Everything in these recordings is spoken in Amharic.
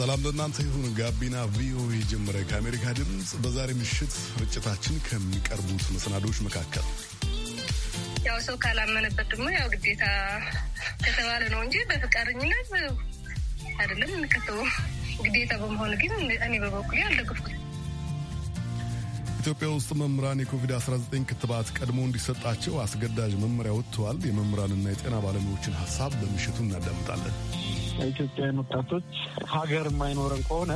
ሰላም ለእናንተ ይሁን። ጋቢና ቪኦኤ ጀመረ። ከአሜሪካ ድምፅ በዛሬ ምሽት ርጭታችን ከሚቀርቡት መሰናዶች መካከል ያው ሰው ካላመነበት ደግሞ ያው ግዴታ ከተባለ ነው እንጂ በፍቃደኝነት አይደለም እንከተው። ግዴታ በመሆኑ ግን እኔ በበኩሌ አልደገፍኩት። ኢትዮጵያ ውስጥ መምህራን የኮቪድ-19 ክትባት ቀድሞ እንዲሰጣቸው አስገዳጅ መመሪያ ወጥተዋል። የመምህራንና የጤና ባለሙያዎችን ሀሳብ በምሽቱ እናዳምጣለን። ኢትዮጵያውያን ወጣቶች ሀገር የማይኖረን ከሆነ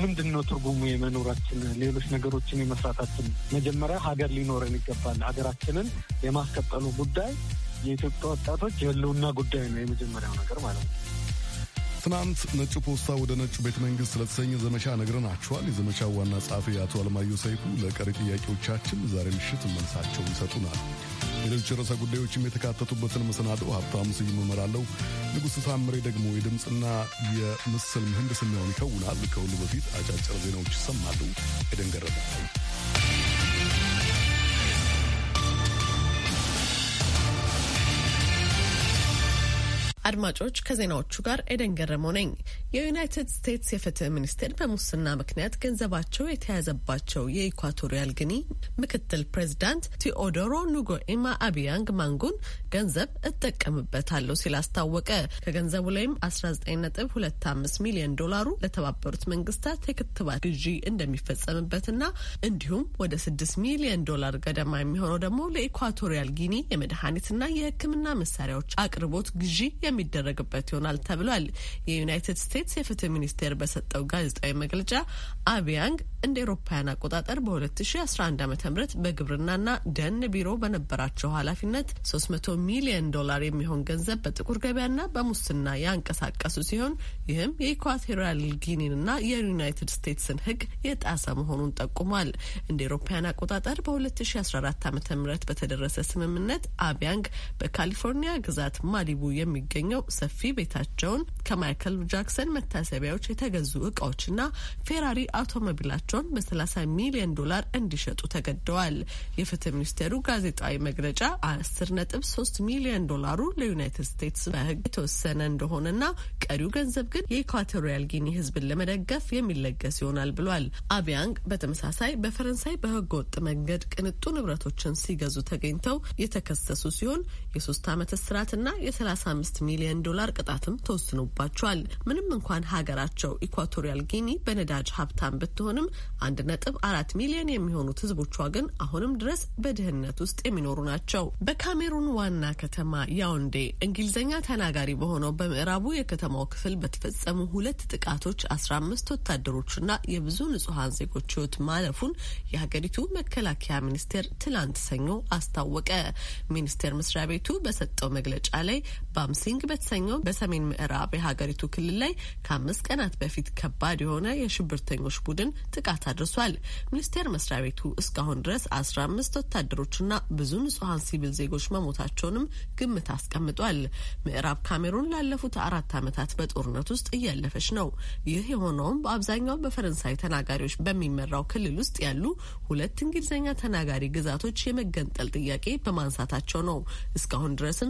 ምንድን ነው ትርጉሙ የመኖራችን፣ ሌሎች ነገሮችን የመስራታችን? መጀመሪያ ሀገር ሊኖረን ይገባል። ሀገራችንን የማስቀጠሉ ጉዳይ የኢትዮጵያ ወጣቶች የህልውና ጉዳይ ነው፣ የመጀመሪያው ነገር ማለት ነው። ትናንት ነጩ ፖስታ ወደ ነጩ ቤተ መንግስት ስለተሰኘ ዘመቻ ነግረናችኋል። የዘመቻ ዋና ጸሐፊ አቶ አለማየሁ ሰይፉ ለቀሪ ጥያቄዎቻችን ዛሬ ምሽት መልሳቸውን ይሰጡናል። ሌሎች ርዕሰ ጉዳዮችም የተካተቱበትን መሰናዶ ሀብታሙ ስዩም እመራለሁ። ንጉሥ ታምሬ ደግሞ የድምፅና የምስል ምህንድስናውን ይከውናል። ከሁሉ በፊት አጫጭር ዜናዎች ይሰማሉ። ኤደን አድማጮች ከዜናዎቹ ጋር ኤደን ገረመው ነኝ። የዩናይትድ ስቴትስ የፍትህ ሚኒስቴር በሙስና ምክንያት ገንዘባቸው የተያዘባቸው የኢኳቶሪያል ግኒ ምክትል ፕሬዚዳንት ቲኦዶሮ ኑጎኤማ አቢያንግ ማንጉን ገንዘብ እጠቀምበታለሁ ሲል አስታወቀ። ከገንዘቡ ላይም 19.25 ሚሊዮን ዶላሩ ለተባበሩት መንግስታት የክትባት ግዢ እንደሚፈጸምበትና እንዲሁም ወደ 6 ሚሊዮን ዶላር ገደማ የሚሆነው ደግሞ ለኢኳቶሪያል ጊኒ የመድኃኒትና የሕክምና መሳሪያዎች አቅርቦት ግዢ የሚደረግበት ይሆናል ተብሏል። የዩናይትድ ስቴትስ የፍትህ ሚኒስቴር በሰጠው ጋዜጣዊ መግለጫ አቢያንግ እንደ ኤሮፓውያን አቆጣጠር በ2011 ዓ ም በግብርናና ደን ቢሮ በነበራቸው ኃላፊነት 300 ሚሊዮን ዶላር የሚሆን ገንዘብ በጥቁር ገበያና በሙስና ያንቀሳቀሱ ሲሆን ይህም የኢኳቶሪያል ጊኒንና የዩናይትድ ስቴትስን ህግ የጣሰ መሆኑን ጠቁሟል። እንደ ኤሮፓውያን አቆጣጠር በ2014 ዓ ም በተደረሰ ስምምነት አቢያንግ በካሊፎርኒያ ግዛት ማሊቡ የሚገኝ የሚገኘው ሰፊ ቤታቸውን ከማይክል ጃክሰን መታሰቢያዎች የተገዙ እቃዎችና ፌራሪ አውቶሞቢላቸውን በ30 ሚሊዮን ዶላር እንዲሸጡ ተገደዋል። የፍትህ ሚኒስቴሩ ጋዜጣዊ መግለጫ 10.3 ሚሊዮን ዶላሩ ለዩናይትድ ስቴትስ በህግ የተወሰነ እንደሆነና ቀሪው ገንዘብ ግን የኢኳቶሪያል ጊኒ ህዝብን ለመደገፍ የሚለገስ ይሆናል ብሏል። አቢያንግ በተመሳሳይ በፈረንሳይ በህገ ወጥ መንገድ ቅንጡ ንብረቶችን ሲገዙ ተገኝተው የተከሰሱ ሲሆን የሶስት አመት እስራትና የ35 ሚሊዮን ዶላር ቅጣትም ተወስኖባቸዋል። ምንም እንኳን ሀገራቸው ኢኳቶሪያል ጊኒ በነዳጅ ሀብታም ብትሆንም አንድ ነጥብ አራት ሚሊዮን የሚሆኑት ህዝቦቿ ግን አሁንም ድረስ በድህነት ውስጥ የሚኖሩ ናቸው። በካሜሩን ዋና ከተማ ያውንዴ እንግሊዝኛ ተናጋሪ በሆነው በምዕራቡ የከተማው ክፍል በተፈጸሙ ሁለት ጥቃቶች አስራ አምስት ወታደሮችና የብዙ ንጹሐን ዜጎች ህይወት ማለፉን የሀገሪቱ መከላከያ ሚኒስቴር ትላንት ሰኞ አስታወቀ። ሚኒስቴር መስሪያ ቤቱ በሰጠው መግለጫ ላይ ባምሲንግ በተሰኘው በሰሜን ምዕራብ የሀገሪቱ ክልል ላይ ከአምስት ቀናት በፊት ከባድ የሆነ የሽብርተኞች ቡድን ጥቃት አድርሷል። ሚኒስቴር መስሪያ ቤቱ እስካሁን ድረስ አስራ አምስት ወታደሮችና ብዙ ንጹሐን ሲቪል ዜጎች መሞታቸውንም ግምት አስቀምጧል። ምዕራብ ካሜሩን ላለፉት አራት ዓመታት በጦርነት ውስጥ እያለፈች ነው። ይህ የሆነውም በአብዛኛው በፈረንሳይ ተናጋሪዎች በሚመራው ክልል ውስጥ ያሉ ሁለት እንግሊዝኛ ተናጋሪ ግዛቶች የመገንጠል ጥያቄ በማንሳታቸው ነው። እስካሁን ድረስም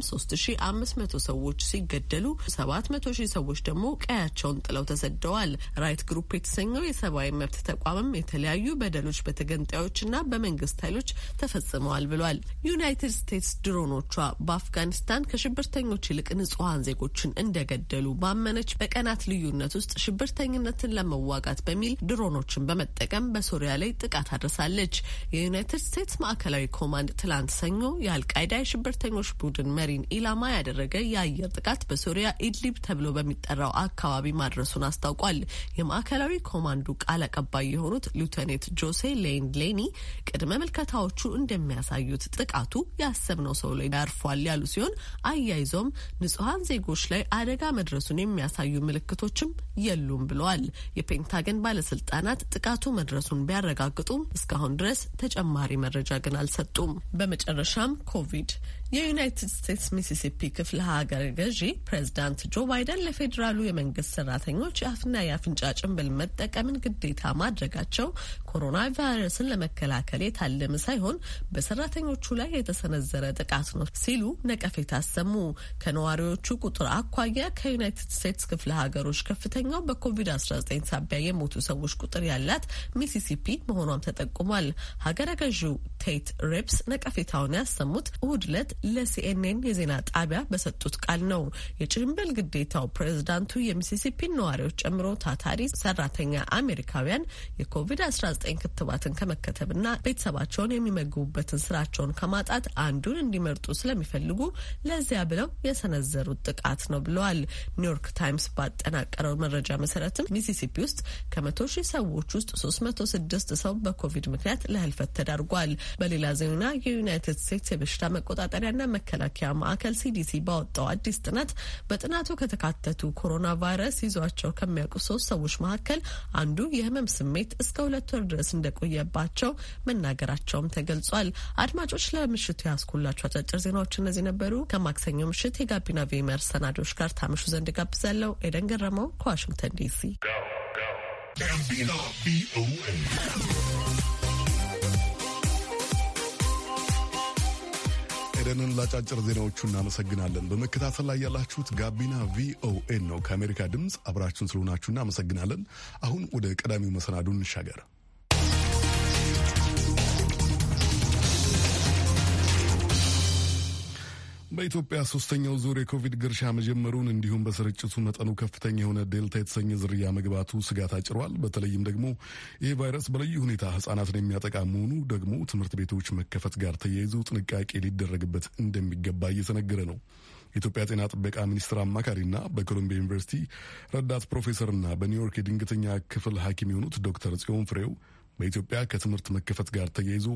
መቶ ሰዎች ሰዎች ሲገደሉ ሰባት መቶ ሺህ ሰዎች ደግሞ ቀያቸውን ጥለው ተሰደዋል። ራይት ግሩፕ የተሰኘው የሰብአዊ መብት ተቋምም የተለያዩ በደሎች በተገንጣዮችና በመንግስት ኃይሎች ተፈጽመዋል ብሏል። ዩናይትድ ስቴትስ ድሮኖቿ በአፍጋኒስታን ከሽብርተኞች ይልቅ ንጹሐን ዜጎችን እንደገደሉ ባመነች በቀናት ልዩነት ውስጥ ሽብርተኝነትን ለመዋጋት በሚል ድሮኖችን በመጠቀም በሶሪያ ላይ ጥቃት አድርሳለች። የዩናይትድ ስቴትስ ማዕከላዊ ኮማንድ ትላንት ሰኞ የአልቃይዳ የሽብርተኞች ቡድን መሪን ኢላማ ያደረገ የአየር የአየር ጥቃት በሶሪያ ኢድሊብ ተብሎ በሚጠራው አካባቢ ማድረሱን አስታውቋል። የማዕከላዊ ኮማንዱ ቃል አቀባይ የሆኑት ሊውተኔት ጆሴ ሌን ሌኒ ቅድመ ምልከታዎቹ እንደሚያሳዩት ጥቃቱ ያሰብነው ሰው ላይ ያርፏል ያሉ ሲሆን አያይዞም ንጹሐን ዜጎች ላይ አደጋ መድረሱን የሚያሳዩ ምልክቶችም የሉም ብለዋል። የፔንታገን ባለስልጣናት ጥቃቱ መድረሱን ቢያረጋግጡም እስካሁን ድረስ ተጨማሪ መረጃ ግን አልሰጡም። በመጨረሻም ኮቪድ የዩናይትድ ስቴትስ ሚሲሲፒ ክፍለ ሀገር ገዢ ፕሬዚዳንት ጆ ባይደን ለፌዴራሉ የመንግስት ሰራተኞች የአፍና የአፍንጫ ጭንብል መጠቀምን ግዴታ ማድረጋቸው ኮሮና ቫይረስን ለመከላከል የታለመ ሳይሆን በሰራተኞቹ ላይ የተሰነዘረ ጥቃት ነው ሲሉ ነቀፌታ አሰሙ። ከነዋሪዎቹ ቁጥር አኳያ ከዩናይትድ ስቴትስ ክፍለ ሀገሮች ከፍተኛው በኮቪድ-19 ሳቢያ የሞቱ ሰዎች ቁጥር ያላት ሚሲሲፒ መሆኗም ተጠቁሟል። ሀገረ ገዢው ቴት ሬፕስ ነቀፌታውን ያሰሙት እሁድ ዕለት ለሲኤንኤን የዜና ጣቢያ በሰጡት ቃል ነው። የጭንብል ግዴታው ፕሬዝዳንቱ የሚሲሲፒን ነዋሪዎች ጨምሮ ታታሪ ሰራተኛ አሜሪካውያን የኮቪድ-19 ክትባትን ከመከተብና ቤተሰባቸውን የሚመግቡበትን ስራቸውን ከማጣት አንዱን እንዲመርጡ ስለሚፈልጉ ለዚያ ብለው የሰነዘሩት ጥቃት ነው ብለዋል። ኒውዮርክ ታይምስ ባጠናቀረው መረጃ መሰረትም ሚሲሲፒ ውስጥ ከመቶ ሺህ ሰዎች ውስጥ 306 ሰው በኮቪድ ምክንያት ለህልፈት ተዳርጓል። በሌላ ዜና የዩናይትድ ስቴትስ የበሽታ መቆጣጠሪያና መከላከያ ማዕከል ሲዲሲ ባወጣው አዲስ አዲስ ጥናት በጥናቱ ከተካተቱ ኮሮና ቫይረስ ይዟቸው ከሚያውቁ ሶስት ሰዎች መካከል አንዱ የህመም ስሜት እስከ ሁለት ወር ድረስ እንደቆየባቸው መናገራቸውም ተገልጿል። አድማጮች ለምሽቱ ያስኩላቸው አጫጭር ዜናዎች እነዚህ ነበሩ። ከማክሰኞ ምሽት የጋቢና ቪመር ሰናዶች ጋር ታምሹ ዘንድ ጋብዛለሁ። ኤደን ገረመው ከዋሽንግተን ዲሲ ኤደንን ላጫጭር ዜናዎቹ እናመሰግናለን። በመከታተል ላይ ያላችሁት ጋቢና ቪኦኤ ነው። ከአሜሪካ ድምፅ አብራችሁን ስለሆናችሁ እናመሰግናለን። አሁን ወደ ቀዳሚው መሰናዱ እንሻገር። በኢትዮጵያ ሶስተኛው ዙር የኮቪድ ግርሻ መጀመሩን እንዲሁም በስርጭቱ መጠኑ ከፍተኛ የሆነ ዴልታ የተሰኘ ዝርያ መግባቱ ስጋት አጭሯል። በተለይም ደግሞ ይህ ቫይረስ በልዩ ሁኔታ ህጻናትን የሚያጠቃ መሆኑ ደግሞ ትምህርት ቤቶች መከፈት ጋር ተያይዞ ጥንቃቄ ሊደረግበት እንደሚገባ እየተነገረ ነው። የኢትዮጵያ ጤና ጥበቃ ሚኒስትር አማካሪና በኮሎምቢያ ዩኒቨርሲቲ ረዳት ፕሮፌሰርና በኒውዮርክ የድንገተኛ ክፍል ሐኪም የሆኑት ዶክተር ጽዮን ፍሬው በኢትዮጵያ ከትምህርት መከፈት ጋር ተያይዞ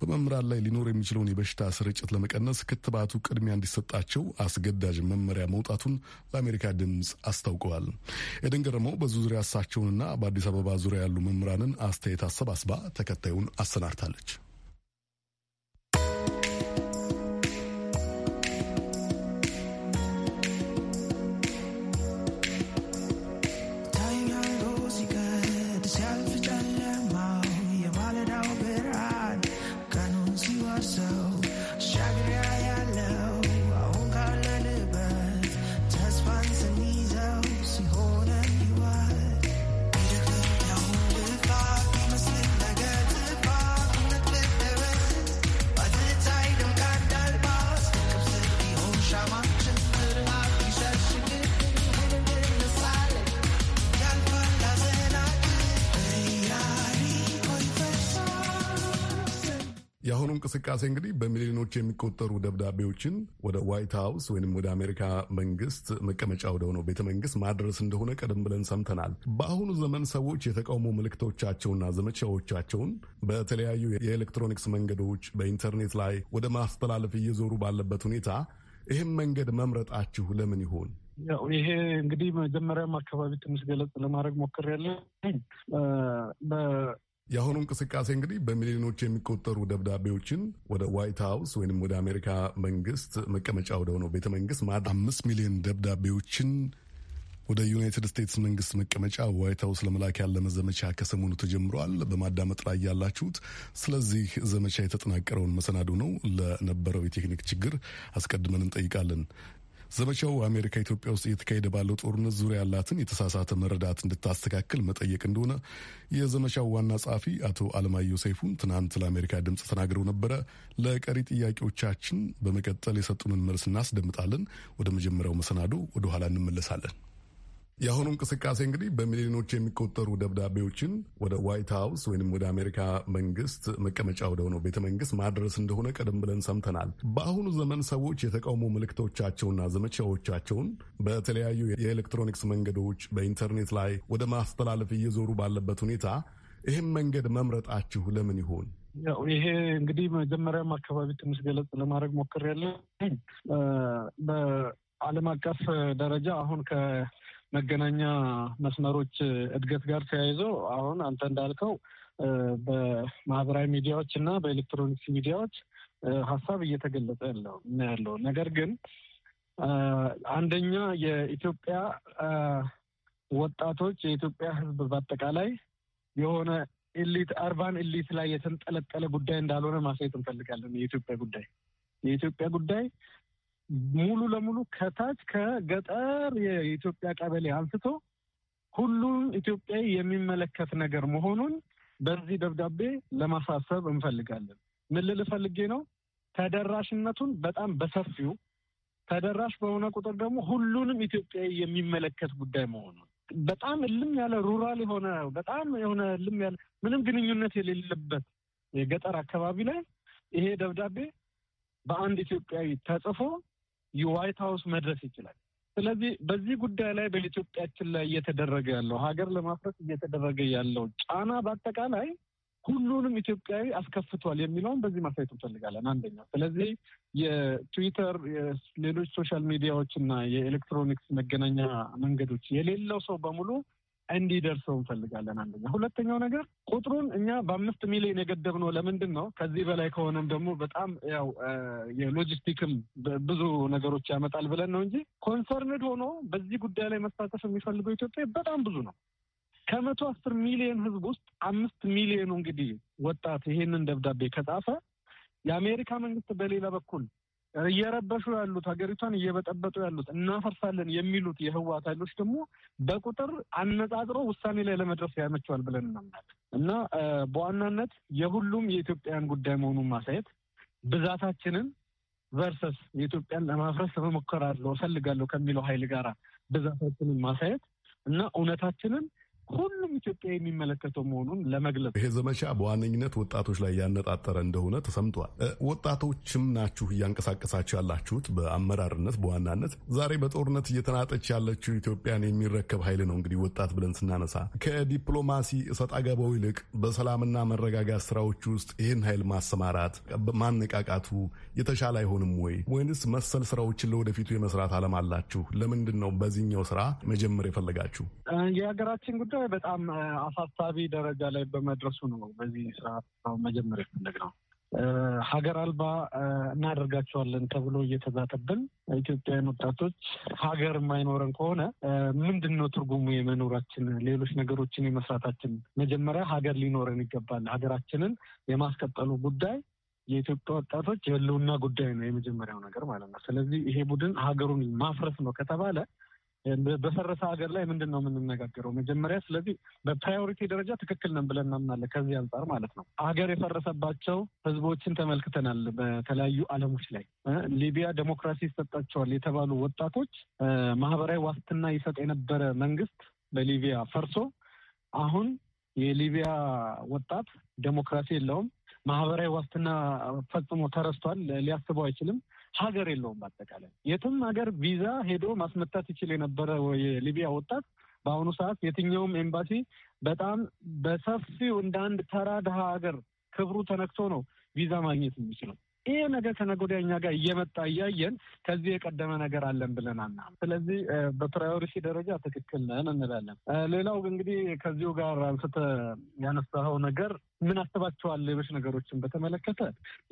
በመምህራን ላይ ሊኖር የሚችለውን የበሽታ ስርጭት ለመቀነስ ክትባቱ ቅድሚያ እንዲሰጣቸው አስገዳጅ መመሪያ መውጣቱን ለአሜሪካ ድምፅ አስታውቀዋል። ኤደን ገረመው በዙ ዙሪያ እሳቸውንና በአዲስ አበባ ዙሪያ ያሉ መምህራንን አስተያየት አሰባስባ ተከታዩን አሰናድታለች። myself, shagging እንቅስቃሴ እንግዲህ በሚሊዮኖች የሚቆጠሩ ደብዳቤዎችን ወደ ዋይት ሀውስ ወይም ወደ አሜሪካ መንግስት መቀመጫ ወደ ሆነው ቤተ መንግስት ማድረስ እንደሆነ ቀደም ብለን ሰምተናል። በአሁኑ ዘመን ሰዎች የተቃውሞ ምልክቶቻቸውና ዘመቻዎቻቸውን በተለያዩ የኤሌክትሮኒክስ መንገዶች በኢንተርኔት ላይ ወደ ማስተላለፍ እየዞሩ ባለበት ሁኔታ ይህም መንገድ መምረጣችሁ ለምን ይሆን? ያው ይሄ እንግዲህ መጀመሪያም አካባቢ ትንሽ ገለጽ ለማድረግ ሞክሬያለሁ። የአሁኑ እንቅስቃሴ እንግዲህ በሚሊዮኖች የሚቆጠሩ ደብዳቤዎችን ወደ ዋይት ሀውስ ወይም ወደ አሜሪካ መንግስት መቀመጫ ሆነው ቤተ መንግስት አምስት ሚሊዮን ደብዳቤዎችን ወደ ዩናይትድ ስቴትስ መንግስት መቀመጫ ዋይት ሀውስ ለመላክ ያለመ ዘመቻ ከሰሞኑ ተጀምረዋል። በማዳመጥ ላይ ያላችሁት ስለዚህ ዘመቻ የተጠናቀረውን መሰናዶ ነው። ለነበረው የቴክኒክ ችግር አስቀድመን እንጠይቃለን። ዘመቻው አሜሪካ ኢትዮጵያ ውስጥ እየተካሄደ ባለው ጦርነት ዙሪያ ያላትን የተሳሳተ መረዳት እንድታስተካክል መጠየቅ እንደሆነ የዘመቻው ዋና ጸሐፊ አቶ አለማየሁ ሰይፉን ትናንት ለአሜሪካ ድምፅ ተናግረው ነበረ። ለቀሪ ጥያቄዎቻችን በመቀጠል የሰጡንን መልስ እናስደምጣለን። ወደ መጀመሪያው መሰናዶ ወደኋላ እንመለሳለን። የአሁኑ እንቅስቃሴ እንግዲህ በሚሊዮኖች የሚቆጠሩ ደብዳቤዎችን ወደ ዋይት ሀውስ ወይም ወደ አሜሪካ መንግስት መቀመጫ ሆነው ቤተ መንግስት ማድረስ እንደሆነ ቀደም ብለን ሰምተናል። በአሁኑ ዘመን ሰዎች የተቃውሞ ምልክቶቻቸውና ዘመቻዎቻቸውን በተለያዩ የኤሌክትሮኒክስ መንገዶች በኢንተርኔት ላይ ወደ ማስተላለፍ እየዞሩ ባለበት ሁኔታ ይህም መንገድ መምረጣችሁ ለምን ይሆን? ያው ይሄ እንግዲህ መጀመሪያም አካባቢ ትንሽ ገለጽ ለማድረግ ሞክሬያለሁ። በዓለም አቀፍ ደረጃ አሁን መገናኛ መስመሮች እድገት ጋር ተያይዞ አሁን አንተ እንዳልከው በማህበራዊ ሚዲያዎች እና በኤሌክትሮኒክስ ሚዲያዎች ሀሳብ እየተገለጸ ያለው ያለው ነገር ግን አንደኛ የኢትዮጵያ ወጣቶች የኢትዮጵያ ሕዝብ በአጠቃላይ የሆነ ኢሊት አርባን ኢሊት ላይ የተንጠለጠለ ጉዳይ እንዳልሆነ ማሳየት እንፈልጋለን። የኢትዮጵያ ጉዳይ የኢትዮጵያ ጉዳይ ሙሉ ለሙሉ ከታች ከገጠር የኢትዮጵያ ቀበሌ አንስቶ ሁሉም ኢትዮጵያዊ የሚመለከት ነገር መሆኑን በዚህ ደብዳቤ ለማሳሰብ እንፈልጋለን። ምን ልል ፈልጌ ነው? ተደራሽነቱን በጣም በሰፊው ተደራሽ በሆነ ቁጥር ደግሞ ሁሉንም ኢትዮጵያዊ የሚመለከት ጉዳይ መሆኑን በጣም እልም ያለ ሩራል የሆነ በጣም የሆነ እልም ያለ ምንም ግንኙነት የሌለበት የገጠር አካባቢ ላይ ይሄ ደብዳቤ በአንድ ኢትዮጵያዊ ተጽፎ የዋይት ሀውስ መድረስ ይችላል። ስለዚህ በዚህ ጉዳይ ላይ በኢትዮጵያችን ላይ እየተደረገ ያለው ሀገር ለማፍረስ እየተደረገ ያለው ጫና በአጠቃላይ ሁሉንም ኢትዮጵያዊ አስከፍቷል የሚለውን በዚህ ማሳየት እንፈልጋለን። አንደኛ ስለዚህ የትዊተር ሌሎች ሶሻል ሚዲያዎች እና የኤሌክትሮኒክስ መገናኛ መንገዶች የሌለው ሰው በሙሉ እንዲደርሰው እንፈልጋለን። አንደኛ። ሁለተኛው ነገር ቁጥሩን እኛ በአምስት ሚሊዮን የገደብነው ለምንድን ነው? ከዚህ በላይ ከሆነም ደግሞ በጣም ያው የሎጂስቲክም ብዙ ነገሮች ያመጣል ብለን ነው እንጂ ኮንሰርንድ ሆኖ በዚህ ጉዳይ ላይ መሳተፍ የሚፈልገው ኢትዮጵያ በጣም ብዙ ነው። ከመቶ አስር ሚሊዮን ህዝብ ውስጥ አምስት ሚሊዮኑ እንግዲህ ወጣት ይሄንን ደብዳቤ ከጻፈ የአሜሪካ መንግስት በሌላ በኩል እየረበሹ ያሉት ሀገሪቷን እየበጠበጡ ያሉት እናፈርሳለን የሚሉት የህወሓት ኃይሎች ደግሞ በቁጥር አነጻጽሮ ውሳኔ ላይ ለመድረስ ያመቸዋል ብለን እናምናለን እና በዋናነት የሁሉም የኢትዮጵያውያን ጉዳይ መሆኑን ማሳየት ብዛታችንን ቨርሰስ የኢትዮጵያን ለማፍረስ እሞክራለሁ እፈልጋለሁ ከሚለው ኃይል ጋር ብዛታችንን ማሳየት እና እውነታችንን ሁሉም ኢትዮጵያ የሚመለከተው መሆኑን ለመግለጽ ይሄ ዘመቻ በዋነኝነት ወጣቶች ላይ ያነጣጠረ እንደሆነ ተሰምቷል። ወጣቶችም ናችሁ እያንቀሳቀሳችሁ ያላችሁት በአመራርነት በዋናነት ዛሬ በጦርነት እየተናጠች ያለችው ኢትዮጵያን የሚረከብ ኃይል ነው። እንግዲህ ወጣት ብለን ስናነሳ ከዲፕሎማሲ እሰጥ አገባው ይልቅ በሰላምና መረጋጋት ስራዎች ውስጥ ይህን ኃይል ማሰማራት ማነቃቃቱ የተሻለ አይሆንም ወይ? ወይንስ መሰል ስራዎችን ለወደፊቱ የመስራት አለም አላችሁ? ለምንድን ነው በዚህኛው ስራ መጀመር የፈለጋችሁ? የሀገራችን ጉዳይ በጣም አሳሳቢ ደረጃ ላይ በመድረሱ ነው በዚህ ስርዓት መጀመር የፈለግነው። ሀገር አልባ እናደርጋቸዋለን ተብሎ እየተዛተብን ኢትዮጵያውያን ወጣቶች ሀገር የማይኖረን ከሆነ ምንድን ነው ትርጉሙ የመኖራችን፣ ሌሎች ነገሮችን የመስራታችን? መጀመሪያ ሀገር ሊኖረን ይገባል። ሀገራችንን የማስቀጠሉ ጉዳይ የኢትዮጵያ ወጣቶች የህልውና ጉዳይ ነው፣ የመጀመሪያው ነገር ማለት ነው። ስለዚህ ይሄ ቡድን ሀገሩን ማፍረስ ነው ከተባለ በፈረሰ ሀገር ላይ ምንድን ነው የምንነጋገረው? መጀመሪያ ስለዚህ በፕራዮሪቲ ደረጃ ትክክል ነን ብለን እናምናለን። ከዚህ አንጻር ማለት ነው ሀገር የፈረሰባቸው ህዝቦችን ተመልክተናል። በተለያዩ አለሞች ላይ ሊቢያ ዴሞክራሲ ይሰጣቸዋል የተባሉ ወጣቶች ማህበራዊ ዋስትና ይሰጥ የነበረ መንግስት በሊቢያ ፈርሶ አሁን የሊቢያ ወጣት ዴሞክራሲ የለውም። ማህበራዊ ዋስትና ፈጽሞ ተረስቷል። ሊያስበው አይችልም። ሀገር የለውም። በአጠቃላይ የትም ሀገር ቪዛ ሄዶ ማስመታት ይችል የነበረ የሊቢያ ወጣት በአሁኑ ሰዓት የትኛውም ኤምባሲ በጣም በሰፊው እንደ አንድ ተራ ድሃ ሀገር ክብሩ ተነክቶ ነው ቪዛ ማግኘት የሚችለው። ይሄ ነገር ከነጎዳኛ እኛ ጋር እየመጣ እያየን ከዚህ የቀደመ ነገር አለን ብለን ስለዚህ በፕራዮሪቲ ደረጃ ትክክል ነን እንላለን። ሌላው እንግዲህ ከዚሁ ጋር አንስተ ያነሳኸው ነገር ምን አስባቸዋል ሌሎች ነገሮችን በተመለከተ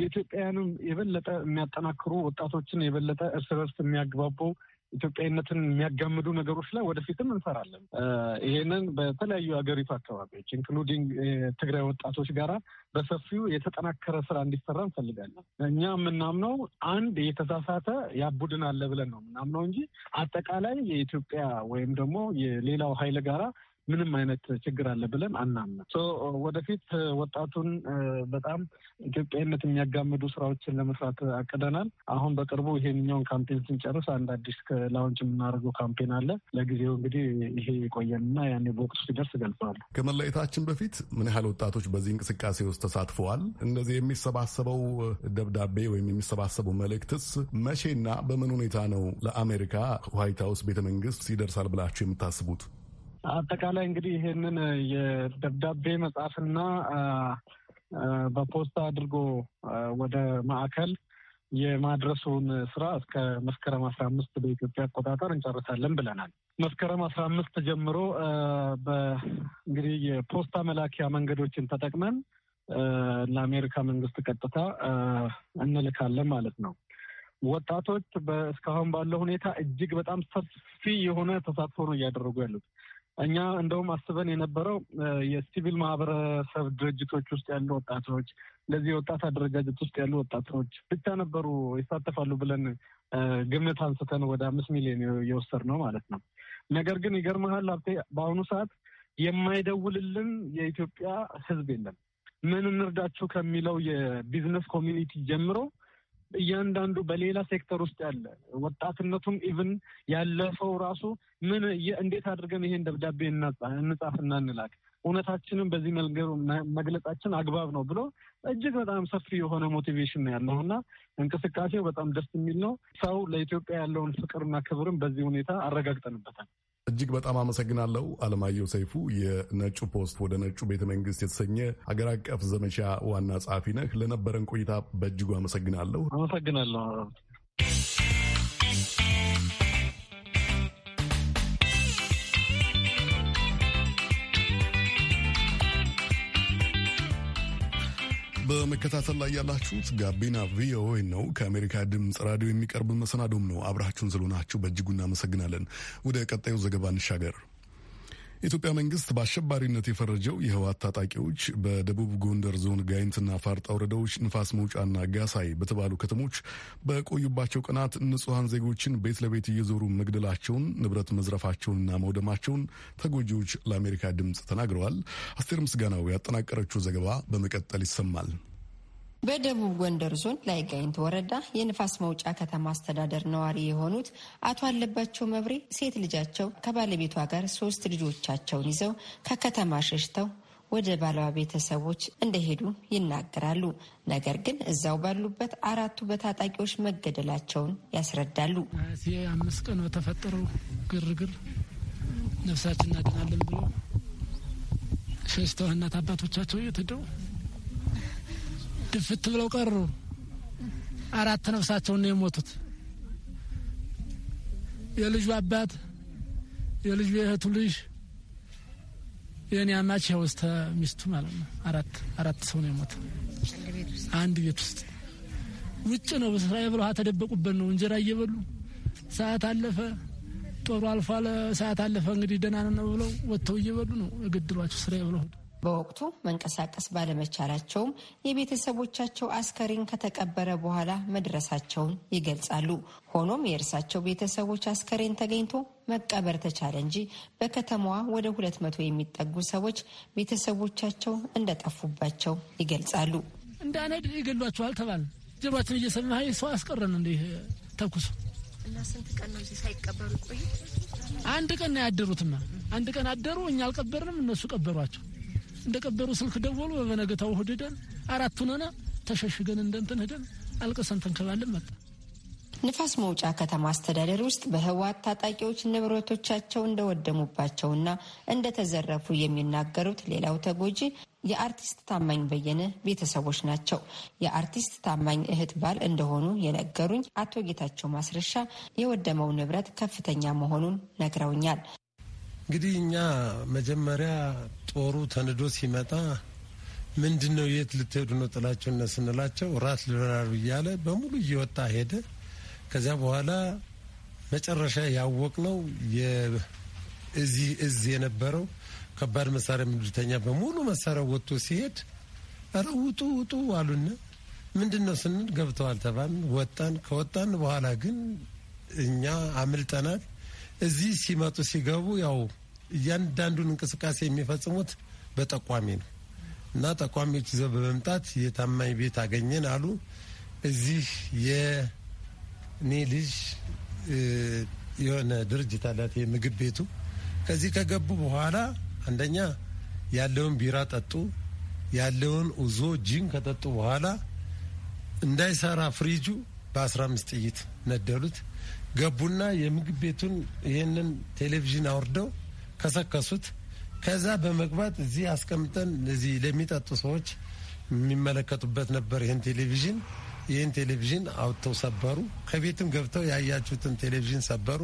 የኢትዮጵያውያንም የበለጠ የሚያጠናክሩ ወጣቶችን የበለጠ እርስ በርስ የሚያግባቡ ኢትዮጵያዊነትን የሚያጋምዱ ነገሮች ላይ ወደፊትም እንሰራለን። ይሄንን በተለያዩ ሀገሪቱ አካባቢዎች ኢንክሉዲንግ ትግራይ ወጣቶች ጋራ በሰፊው የተጠናከረ ስራ እንዲሰራ እንፈልጋለን። እኛ የምናምነው አንድ የተሳሳተ ያቡድን አለ ብለን ነው የምናምነው እንጂ አጠቃላይ የኢትዮጵያ ወይም ደግሞ የሌላው ሀይል ጋራ ምንም አይነት ችግር አለ ብለን አናምንም። ወደፊት ወጣቱን በጣም ኢትዮጵያዊነት የሚያጋምዱ ስራዎችን ለመስራት አቅደናል። አሁን በቅርቡ ይሄኛውን ካምፔን ስንጨርስ አንድ አዲስ ላውንች የምናደርገው ካምፔን አለ። ለጊዜው እንግዲህ ይሄ የቆየንና ያኔ በወቅቱ ሲደርስ ገልጸዋል። ከመለየታችን በፊት ምን ያህል ወጣቶች በዚህ እንቅስቃሴ ውስጥ ተሳትፈዋል? እንደዚህ የሚሰባሰበው ደብዳቤ ወይም የሚሰባሰበው መልእክትስ መቼና በምን ሁኔታ ነው ለአሜሪካ ዋይት ሀውስ ቤተ መንግስት ይደርሳል ብላችሁ የምታስቡት? አጠቃላይ እንግዲህ ይህንን የደብዳቤ መጽሐፍና በፖስታ አድርጎ ወደ ማዕከል የማድረሱን ስራ እስከ መስከረም አስራ አምስት በኢትዮጵያ አቆጣጠር እንጨርሳለን ብለናል። መስከረም አስራ አምስት ጀምሮ እንግዲህ የፖስታ መላኪያ መንገዶችን ተጠቅመን ለአሜሪካ መንግስት ቀጥታ እንልካለን ማለት ነው። ወጣቶች እስካሁን ባለው ሁኔታ እጅግ በጣም ሰፊ የሆነ ተሳትፎ ነው እያደረጉ ያሉት። እኛ እንደውም አስበን የነበረው የሲቪል ማህበረሰብ ድርጅቶች ውስጥ ያሉ ወጣቶች እንደዚህ የወጣት አደረጃጀት ውስጥ ያሉ ወጣቶች ብቻ ነበሩ ይሳተፋሉ ብለን ግምት አንስተን ወደ አምስት ሚሊዮን የወሰድነው ማለት ነው። ነገር ግን ይገርመሃል ሀብቴ፣ በአሁኑ ሰዓት የማይደውልልን የኢትዮጵያ ሕዝብ የለም። ምን እንርዳችሁ ከሚለው የቢዝነስ ኮሚኒቲ ጀምሮ እያንዳንዱ በሌላ ሴክተር ውስጥ ያለ ወጣትነቱም ኢቭን ያለፈው ራሱ ምን እንዴት አድርገን ይሄን ደብዳቤ እንጻፍና እንላክ እውነታችንን በዚህ መልገሩ መግለጻችን አግባብ ነው ብሎ እጅግ በጣም ሰፊ የሆነ ሞቲቬሽን ያለው እና እንቅስቃሴው በጣም ደስ የሚል ነው። ሰው ለኢትዮጵያ ያለውን ፍቅርና ክብርም በዚህ ሁኔታ አረጋግጠንበታል። እጅግ በጣም አመሰግናለሁ አለማየሁ ሰይፉ። የነጩ ፖስት ወደ ነጩ ቤተ መንግስት የተሰኘ ሀገር አቀፍ ዘመቻ ዋና ጸሐፊ ነህ። ለነበረን ቆይታ በእጅጉ አመሰግናለሁ። አመሰግናለሁ። በመከታተል ላይ ያላችሁት ጋቢና ቪኦኤ ነው። ከአሜሪካ ድምፅ ራዲዮ የሚቀርብ መሰናዶም ነው። አብራችሁን ስለሆናችሁ በእጅጉ እናመሰግናለን። ወደ ቀጣዩ ዘገባ እንሻገር። የኢትዮጵያ መንግስት በአሸባሪነት የፈረጀው የህወሓት ታጣቂዎች በደቡብ ጎንደር ዞን ጋይንትና ፋርጣ ወረዳዎች ንፋስ መውጫና ጋሳይ በተባሉ ከተሞች በቆዩባቸው ቀናት ንጹሐን ዜጎችን ቤት ለቤት እየዞሩ መግደላቸውን፣ ንብረት መዝረፋቸውንና መውደማቸውን ተጎጂዎች ለአሜሪካ ድምፅ ተናግረዋል። አስቴር ምስጋናው ያጠናቀረችው ዘገባ በመቀጠል ይሰማል። በደቡብ ጎንደር ዞን ላይጋኝት ወረዳ የንፋስ መውጫ ከተማ አስተዳደር ነዋሪ የሆኑት አቶ አለባቸው መብሬ ሴት ልጃቸው ከባለቤቷ ጋር ሶስት ልጆቻቸውን ይዘው ከከተማ ሸሽተው ወደ ባለዋ ቤተሰቦች እንደሄዱ ይናገራሉ። ነገር ግን እዛው ባሉበት አራቱ በታጣቂዎች መገደላቸውን ያስረዳሉ። አምስት ቀን በተፈጠረው ግርግር ነፍሳችን እናድናለን ብሎ ሸሽተው እናት አባቶቻቸው የትደው ድፍት ብለው ቀሩ። አራት ነፍሳቸውን ነው የሞቱት። የልጁ አባት፣ የልጁ የእህቱ ልጅ፣ የእኔ አማች ያው ሚስቱ ማለት ነው። አራት አራት ሰው ነው የሞተ አንድ ቤት ውስጥ። ውጭ ነው በስራዬ ብለው ተደበቁበት ነው እንጀራ እየበሉ ሰዓት አለፈ፣ ጦሩ አልፏል፣ ሰዓት አለፈ፣ እንግዲህ ደህና ነው ብለው ወጥተው እየበሉ ነው የገድሏቸው ስራዬ ብለው በወቅቱ መንቀሳቀስ ባለመቻላቸውም የቤተሰቦቻቸው አስከሬን ከተቀበረ በኋላ መድረሳቸውን ይገልጻሉ። ሆኖም የእርሳቸው ቤተሰቦች አስከሬን ተገኝቶ መቀበር ተቻለ እንጂ በከተማዋ ወደ ሁለት መቶ የሚጠጉ ሰዎች ቤተሰቦቻቸው እንደጠፉባቸው ይገልጻሉ። እንዳነድ ይገሏቸዋል ተባል ጀሯችን እየሰማ ሰው አስቀረን እንዲህ ተኩሱ እና ስንት ቀን ነው እዚህ ሳይቀበሩ ቆዩ? አንድ ቀን ነው ያደሩትማ። አንድ ቀን አደሩ። እኛ አልቀበርንም፣ እነሱ ቀበሯቸው። እንደቀበሩ ስልክ ደወሉ። በበነገታው እሑድ ሄደን አራቱን ተሸሽገን እንደንትን ሄደን አልቀሰን ተንከባለን መጣ። ንፋስ መውጫ ከተማ አስተዳደር ውስጥ በህወሓት ታጣቂዎች ንብረቶቻቸው እንደወደሙባቸውና እንደተዘረፉ የሚናገሩት ሌላው ተጎጂ የአርቲስት ታማኝ በየነ ቤተሰቦች ናቸው። የአርቲስት ታማኝ እህት ባል እንደሆኑ የነገሩኝ አቶ ጌታቸው ማስረሻ የወደመው ንብረት ከፍተኛ መሆኑን ነግረውኛል። እንግዲህ እኛ መጀመሪያ ጦሩ ተንዶ ሲመጣ ምንድን ነው የት ልትሄዱ ነው ጥላቸውነ ስንላቸው ራት ልራሩ እያለ በሙሉ እየወጣ ሄደ። ከዚያ በኋላ መጨረሻ ያወቅ ነው እዚህ እዝ የነበረው ከባድ መሳሪያ ምድርተኛ በሙሉ መሳሪያ ወጥቶ ሲሄድ ኧረ ውጡ ውጡ አሉን። ምንድን ነው ስንል ገብተዋል ተባን። ወጣን። ከወጣን በኋላ ግን እኛ አምልጠናል። እዚህ ሲመጡ ሲገቡ ያው እያንዳንዱን እንቅስቃሴ የሚፈጽሙት በጠቋሚ ነው እና ጠቋሚዎች ይዘው በመምጣት የታማኝ ቤት አገኘን አሉ። እዚህ የኔ ልጅ የሆነ ድርጅት አላት የምግብ ቤቱ። ከዚህ ከገቡ በኋላ አንደኛ ያለውን ቢራ ጠጡ፣ ያለውን ኡዞ ጂን ከጠጡ በኋላ እንዳይሰራ ፍሪጁ በ15 ጥይት ነደሉት። ገቡና የምግብ ቤቱን ይህንን ቴሌቪዥን አውርደው ከሰከሱት። ከዛ በመግባት እዚህ አስቀምጠን እዚህ ለሚጠጡ ሰዎች የሚመለከቱበት ነበር ይህን ቴሌቪዥን ይህን ቴሌቪዥን አውጥተው ሰበሩ። ከቤትም ገብተው ያያችሁትን ቴሌቪዥን ሰበሩ።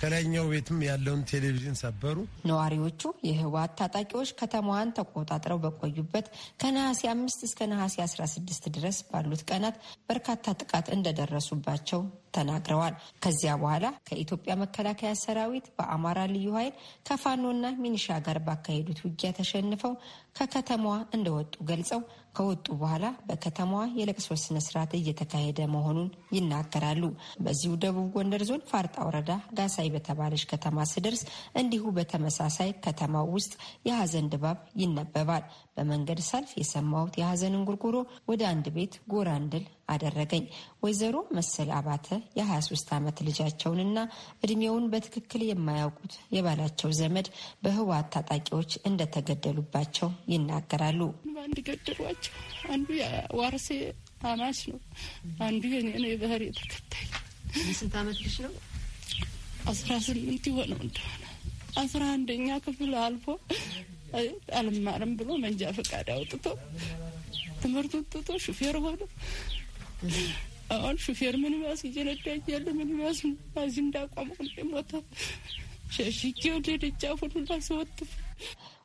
ከላይኛው ቤትም ያለውን ቴሌቪዥን ሰበሩ። ነዋሪዎቹ የህወሓት ታጣቂዎች ከተማዋን ተቆጣጥረው በቆዩበት ከነሐሴ አምስት እስከ ነሐሴ አስራ ስድስት ድረስ ባሉት ቀናት በርካታ ጥቃት እንደደረሱባቸው ተናግረዋል። ከዚያ በኋላ ከኢትዮጵያ መከላከያ ሰራዊት በአማራ ልዩ ኃይል ከፋኖና ሚኒሻ ጋር ባካሄዱት ውጊያ ተሸንፈው ከከተማዋ እንደወጡ ገልጸው ከወጡ በኋላ በከተማዋ የለቅሶ ስነ ስርዓት እየተካሄደ መሆኑን ይናገራሉ። በዚሁ ደቡብ ጎንደር ዞን ፋርጣ ወረዳ ጋሳይ በተባለች ከተማ ስደርስ እንዲሁ በተመሳሳይ ከተማው ውስጥ የሀዘን ድባብ ይነበባል። በመንገድ ሰልፍ የሰማሁት የሀዘንን ጉርጉሮ ወደ አንድ ቤት ጎራ እንድል አደረገኝ። ወይዘሮ መሰል አባተ የ23 ዓመት ልጃቸውንና እድሜውን በትክክል የማያውቁት የባላቸው ዘመድ በህወሓት ታጣቂዎች እንደተገደሉባቸው ይናገራሉ። አንድ ገደሏቸው። አንዱ ዋርሴ አማች ነው፣ አንዱ የኔ ነው የባህር የተከታይ። ስንት ዓመት ልጅ ነው? አስራ ስምንት የሆነው እንደሆነ አስራ አንደኛ ክፍል አልፎ አልማርም ብሎ መንጃ ፈቃድ አውጥቶ ትምህርቱ ትቶ ሹፌር ሆነ። አሁን ሹፌር ምን ባስ እየነዳ እያለ ምን ባስ ባዚ እንዳቋም ሞታ ሸሽጌ ወደ ደጃፉን ላስወጥፍ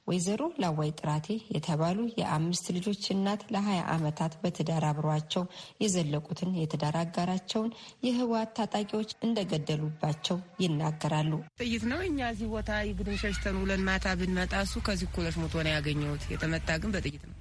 ወይዘሮ ላዋይ ጥራቴ የተባሉ የአምስት ልጆች እናት ለሀያ ዓመታት በትዳር አብሯቸው የዘለቁትን የትዳር አጋራቸውን የህወሓት ታጣቂዎች እንደገደሉባቸው ይናገራሉ። ጥይት ነው። እኛ እዚህ ቦታ ይግድን ሸሽተን ውለን ማታ ብንመጣ እሱ ከዚህ ኩለሽ ሞቶ ነው ያገኘሁት። የተመታ ግን በጥይት ነው።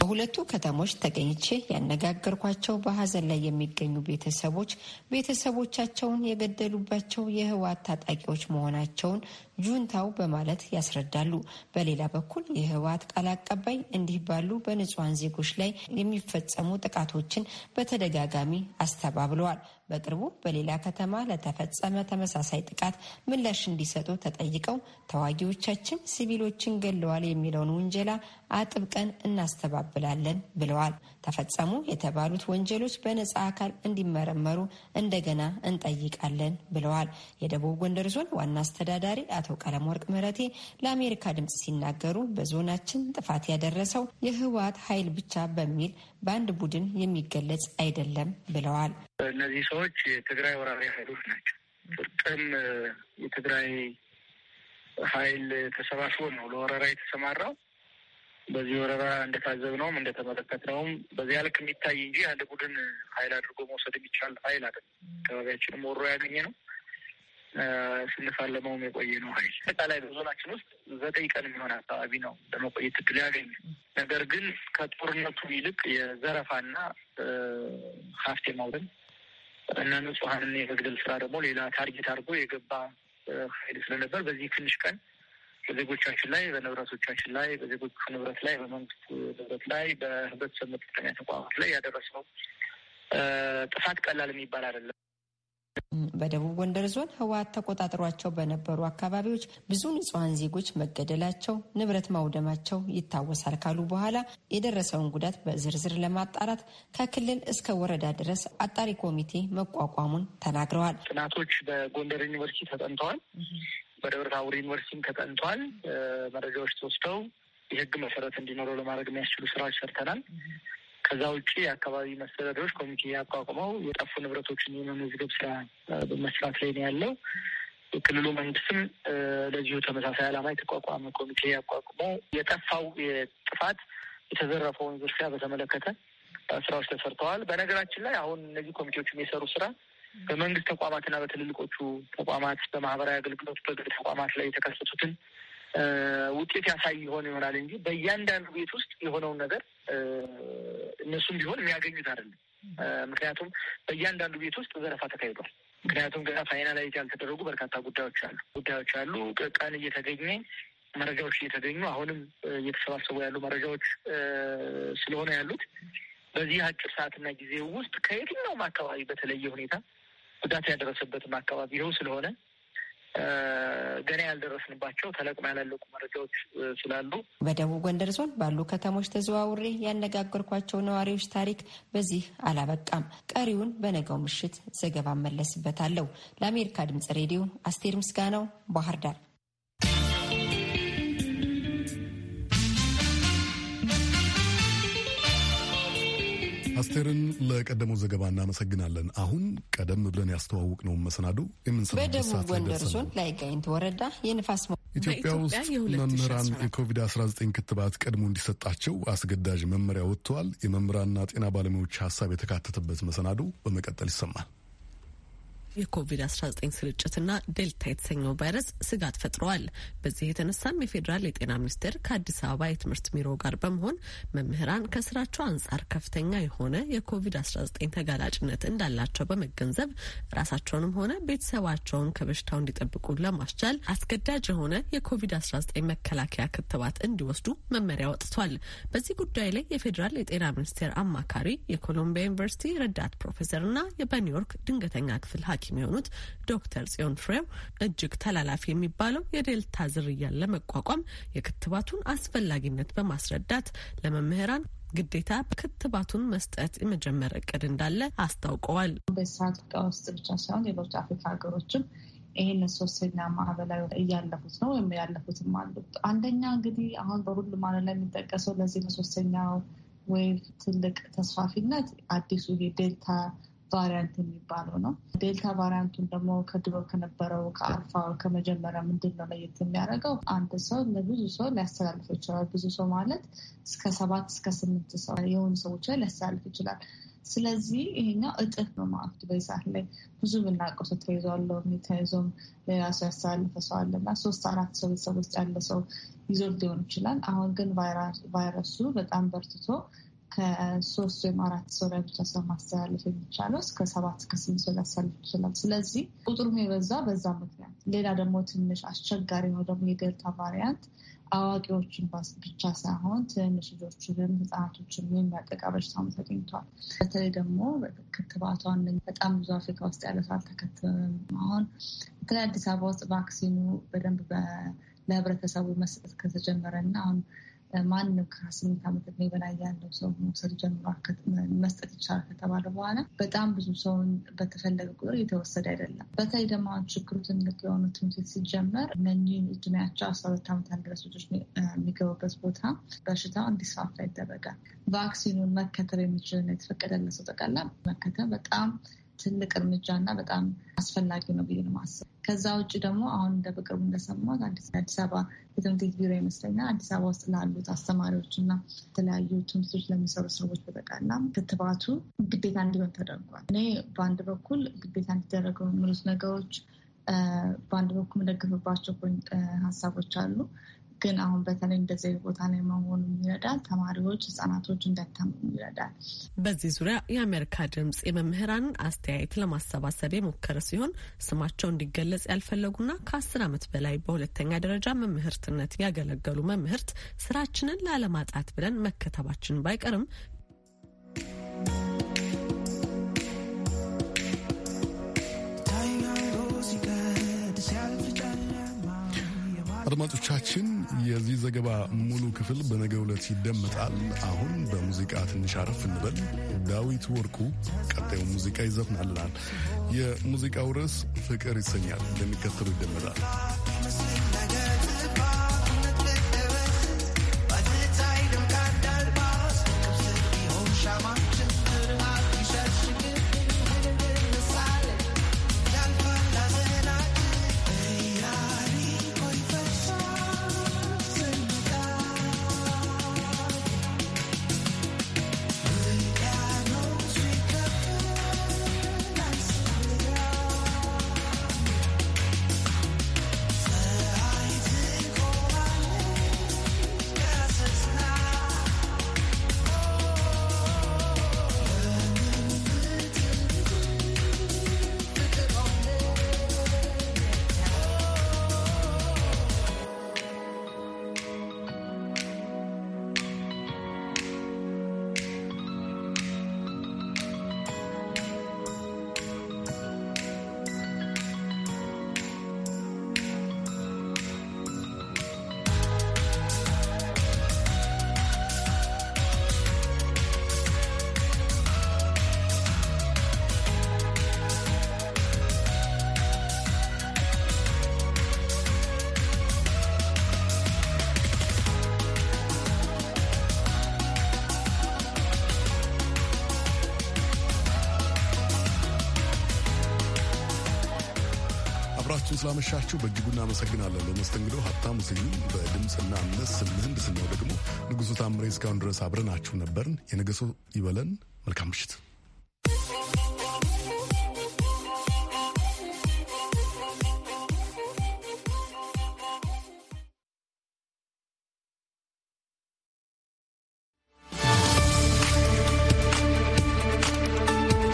በሁለቱ ከተሞች ተገኝቼ ያነጋገርኳቸው በሀዘን ላይ የሚገኙ ቤተሰቦች ቤተሰቦቻቸውን የገደሉባቸው የህወሓት ታጣቂዎች መሆናቸውን ጁንታው በማለት ያስረዳሉ። በሌላ በኩል የህወሓት ቃል አቀባይ እንዲህ ባሉ በንጹሐን ዜጎች ላይ የሚፈጸሙ ጥቃቶችን በተደጋጋሚ አስተባብለዋል። በቅርቡ በሌላ ከተማ ለተፈጸመ ተመሳሳይ ጥቃት ምላሽ እንዲሰጡ ተጠይቀው ተዋጊዎቻችን ሲቪሎችን ገለዋል የሚለውን ውንጀላ አጥብቀን እናስተባብላለን ብለዋል። ተፈጸሙ የተባሉት ወንጀሎች በነፃ አካል እንዲመረመሩ እንደገና እንጠይቃለን ብለዋል። የደቡብ ጎንደር ዞን ዋና አስተዳዳሪ አቶ አቶ ቀለም ወርቅ ምረቴ ለአሜሪካ ድምጽ ሲናገሩ በዞናችን ጥፋት ያደረሰው የህወሓት ኃይል ብቻ በሚል በአንድ ቡድን የሚገለጽ አይደለም ብለዋል። እነዚህ ሰዎች የትግራይ ወራሪ ኃይሎች ናቸው። ጥርቅም የትግራይ ኃይል ተሰባስቦ ነው ለወረራ የተሰማራው። በዚህ ወረራ እንደታዘብነውም እንደተመለከትነውም በዚያ ልክ የሚታይ እንጂ አንድ ቡድን ኃይል አድርጎ መውሰድ የሚቻል ኃይል አይደለም። አካባቢያችንም ወሮ ያገኘ ነው ስንፋለመውም የቆየ ነው ኃይል አጠቃላይ በዞናችን ውስጥ ዘጠኝ ቀን የሚሆን አካባቢ ነው ለመቆየት እድል ያገኘ። ነገር ግን ከጦርነቱ ይልቅ የዘረፋና ሀብት የማውደም እና ንጹሐንን የመግደል ስራ ደግሞ ሌላ ታርጌት አድርጎ የገባ ሀይል ስለነበር በዚህ ትንሽ ቀን በዜጎቻችን ላይ፣ በንብረቶቻችን ላይ፣ በዜጎቹ ንብረት ላይ፣ በመንግስት ንብረት ላይ፣ በህብረተሰብ መጠጠኛ ተቋማት ላይ ያደረሰው ጥፋት ቀላል የሚባል አይደለም። በደቡብ ጎንደር ዞን ህወሀት ተቆጣጥሯቸው በነበሩ አካባቢዎች ብዙ ንጹሐን ዜጎች መገደላቸው፣ ንብረት ማውደማቸው ይታወሳል ካሉ በኋላ የደረሰውን ጉዳት በዝርዝር ለማጣራት ከክልል እስከ ወረዳ ድረስ አጣሪ ኮሚቴ መቋቋሙን ተናግረዋል። ጥናቶች በጎንደር ዩኒቨርሲቲ ተጠንተዋል። በደብረ ታቦር ዩኒቨርሲቲም ተጠንተዋል። መረጃዎች ተወስደው የህግ መሰረት እንዲኖረው ለማድረግ የሚያስችሉ ስራዎች ሰርተናል። ከዛ ውጭ የአካባቢ መስተዳደሮች ኮሚቴ ያቋቁመው የጠፉ ንብረቶችን የመመዝገብ ስራ በመስራት ላይ ነው ያለው። የክልሉ መንግስትም ለዚሁ ተመሳሳይ ዓላማ የተቋቋመ ኮሚቴ ያቋቁመው የጠፋው የጥፋት የተዘረፈውን ዝርፊያ በተመለከተ ስራዎች ተሰርተዋል። በነገራችን ላይ አሁን እነዚህ ኮሚቴዎች የሚሰሩ ስራ በመንግስት ተቋማትና በትልልቆቹ ተቋማት በማህበራዊ አገልግሎት በግል ተቋማት ላይ የተከሰቱትን ውጤት ያሳይ ይሆን ይሆናል እንጂ በእያንዳንዱ ቤት ውስጥ የሆነውን ነገር እነሱም ቢሆን የሚያገኙት አይደለም። ምክንያቱም በእያንዳንዱ ቤት ውስጥ ዘረፋ ተካሂዷል። ምክንያቱም ገና ፋይናላይዝ ያልተደረጉ በርካታ ጉዳዮች አሉ ጉዳዮች አሉ። ቀን እየተገኘ መረጃዎች እየተገኙ አሁንም እየተሰባሰቡ ያሉ መረጃዎች ስለሆነ ያሉት በዚህ አጭር ሰዓትና ጊዜ ውስጥ ከየትኛውም አካባቢ በተለየ ሁኔታ ጉዳት ያደረሰበትም አካባቢ ይኸው ስለሆነ ገና ያልደረስንባቸው ተለቅሞ ያላለቁ መረጃዎች ስላሉ በደቡብ ጎንደር ዞን ባሉ ከተሞች ተዘዋውሬ ያነጋገርኳቸው ነዋሪዎች ታሪክ በዚህ አላበቃም። ቀሪውን በነገው ምሽት ዘገባ መለስበታለሁ ለአሜሪካ ድምጽ ሬዲዮ አስቴር ምስጋናው ባህር ዳር። አስቴርን ለቀደመው ዘገባ እናመሰግናለን። አሁን ቀደም ብለን ያስተዋወቅነውን መሰናዶ የምንሰራበት ሰዓት ወረዳ የንፋስ ኢትዮጵያ ውስጥ መምህራን የኮቪድ-19 ክትባት ቀድሞ እንዲሰጣቸው አስገዳጅ መመሪያ ወጥተዋል። የመምህራንና ጤና ባለሙያዎች ሀሳብ የተካተተበት መሰናዶ በመቀጠል ይሰማል። የኮቪድ-19 ስርጭትና ዴልታ የተሰኘው ቫይረስ ስጋት ፈጥረዋል። በዚህ የተነሳም የፌዴራል የጤና ሚኒስቴር ከአዲስ አበባ የትምህርት ቢሮ ጋር በመሆን መምህራን ከስራቸው አንጻር ከፍተኛ የሆነ የኮቪድ-19 ተጋላጭነት እንዳላቸው በመገንዘብ ራሳቸውንም ሆነ ቤተሰባቸውን ከበሽታው እንዲጠብቁ ለማስቻል አስገዳጅ የሆነ የኮቪድ-19 መከላከያ ክትባት እንዲወስዱ መመሪያ ወጥቷል። በዚህ ጉዳይ ላይ የፌዴራል የጤና ሚኒስቴር አማካሪ የኮሎምቢያ ዩኒቨርሲቲ ረዳት ፕሮፌሰርና የበኒውዮርክ ድንገተኛ ክፍል ሐኪም የሆኑት ዶክተር ጽዮን ፍሬው እጅግ ተላላፊ የሚባለው የዴልታ ዝርያን ለመቋቋም የክትባቱን አስፈላጊነት በማስረዳት ለመምህራን ግዴታ ክትባቱን መስጠት የመጀመር እቅድ እንዳለ አስታውቀዋል። በሳት ውስጥ ብቻ ሳይሆን ሌሎች አፍሪካ ሀገሮችም ይህን ሶስተኛ ማዕበላዊ እያለፉት ነው ወይም ያለፉትም አሉ። አንደኛ እንግዲህ አሁን በሁሉም ዓለም ላይ የሚጠቀሰው ለዚህ ለሶስተኛው ወይም ትልቅ ተስፋፊነት አዲሱ ዴልታ ቫሪያንት የሚባለው ነው። ዴልታ ቫሪያንቱን ደግሞ ከድሮ ከነበረው ከአልፋ ከመጀመሪያ ምንድን ነው ለየት የሚያደርገው? አንድ ሰው ለብዙ ሰው ሊያስተላልፍ ይችላል። ብዙ ሰው ማለት እስከ ሰባት እስከ ስምንት ሰው የሆኑ ሰዎች ላይ ሊያስተላልፍ ይችላል። ስለዚህ ይሄኛው እጥፍ ነው ማለት በይሳት ላይ ብዙ ብናውቀው ሰው ተይዟለው የሚተይዞም ሌላ ሰው ያስተላልፈ ሰው አለ እና ሶስት አራት ሰው ቤተሰብ ውስጥ ያለ ሰው ይዞ ሊሆን ይችላል። አሁን ግን ቫይረሱ በጣም በርትቶ ከሶስት ወይም አራት ሰው ላይ ብቻ ሰው ማስተላለፍ የሚቻለው እስከ ሰባት እስከ ስምንት ሰው ሊያስተላልፍ ይችላል። ስለዚህ ቁጥሩ የበዛ በዛ ምክንያት፣ ሌላ ደግሞ ትንሽ አስቸጋሪ ነው ደግሞ የደልታ ቫሪያንት አዋቂዎችን ብቻ ሳይሆን ትንሽ ልጆችንም ህጻናቶችን የሚያጠቃ በሽታም ተገኝቷል። በተለይ ደግሞ ክትባቷን በጣም ብዙ አፍሪካ ውስጥ ያለ ሰው አልተከተበም። አሁን በተለይ አዲስ አበባ ውስጥ ቫክሲኑ በደንብ ለህብረተሰቡ መስጠት ከተጀመረ እና አሁን ማን ነው ከስምንት ዓመት ዕድሜ በላይ ያለው ሰው መውሰድ ጀምሮ መስጠት ይቻላል ከተባለ በኋላ በጣም ብዙ ሰውን በተፈለገ ቁጥር እየተወሰደ አይደለም። በተለይ ደግሞ ችግሩ ትልቅ የሆኑ ትምህርት ቤት ሲጀመር እነኚህን እድሜያቸው አስራ ሁለት ዓመት ያልደረሱ ልጆች የሚገቡበት ቦታ በሽታው እንዲስፋፋ ይደረጋል። ቫክሲኑን መከተብ የሚችል የተፈቀደለት ሰው ጠቃላ መከተብ በጣም ትልቅ እርምጃ እና በጣም አስፈላጊ ነው ብዬ ነው ማስብ። ከዛ ውጭ ደግሞ አሁን እንደ በቅርቡ እንደሰማሁት አዲስ አበባ የትምህርት ቤት ቢሮ ይመስለኛል አዲስ አበባ ውስጥ ላሉት አስተማሪዎች እና የተለያዩ ትምህርቶች ለሚሰሩ ሰዎች በጠቃላ ክትባቱ ግዴታ እንዲሆን ተደርጓል። እኔ በአንድ በኩል ግዴታ እንዲደረገው የሚሉት ነገሮች በአንድ በኩል መደግፍባቸው ሀሳቦች አሉ ግን አሁን በተለይ እንደዚህ ቦታ ላይ መሆኑ ይረዳል። ተማሪዎች፣ ህጻናቶች እንዳይታመሙ ይረዳል። በዚህ ዙሪያ የአሜሪካ ድምጽ የመምህራንን አስተያየት ለማሰባሰብ የሞከረ ሲሆን ስማቸው እንዲገለጽ ያልፈለጉና ከአስር ዓመት በላይ በሁለተኛ ደረጃ መምህርትነት ያገለገሉ መምህርት ስራችንን ላለማጣት ብለን መከተባችን ባይቀርም አድማጮቻችን የዚህ ዘገባ ሙሉ ክፍል በነገ ዕለት ይደመጣል። አሁን በሙዚቃ ትንሽ አረፍ እንበል። ዳዊት ወርቁ ቀጣዩ ሙዚቃ ይዘፍናልናል። የሙዚቃው ርዕስ ፍቅር ይሰኛል። እንደሚከተሉ ይደመጣል። ስላመሻችሁ በእጅጉ እናመሰግናለን። ለመስተንግዶ ሀብታሙ ስዩም፣ በድምፅና ምስል ምህንድስናው ደግሞ ንጉሱ ታምሬ። እስካሁን ድረስ አብረናችሁ ነበርን። የነገሶ ይበለን። መልካም ምሽት።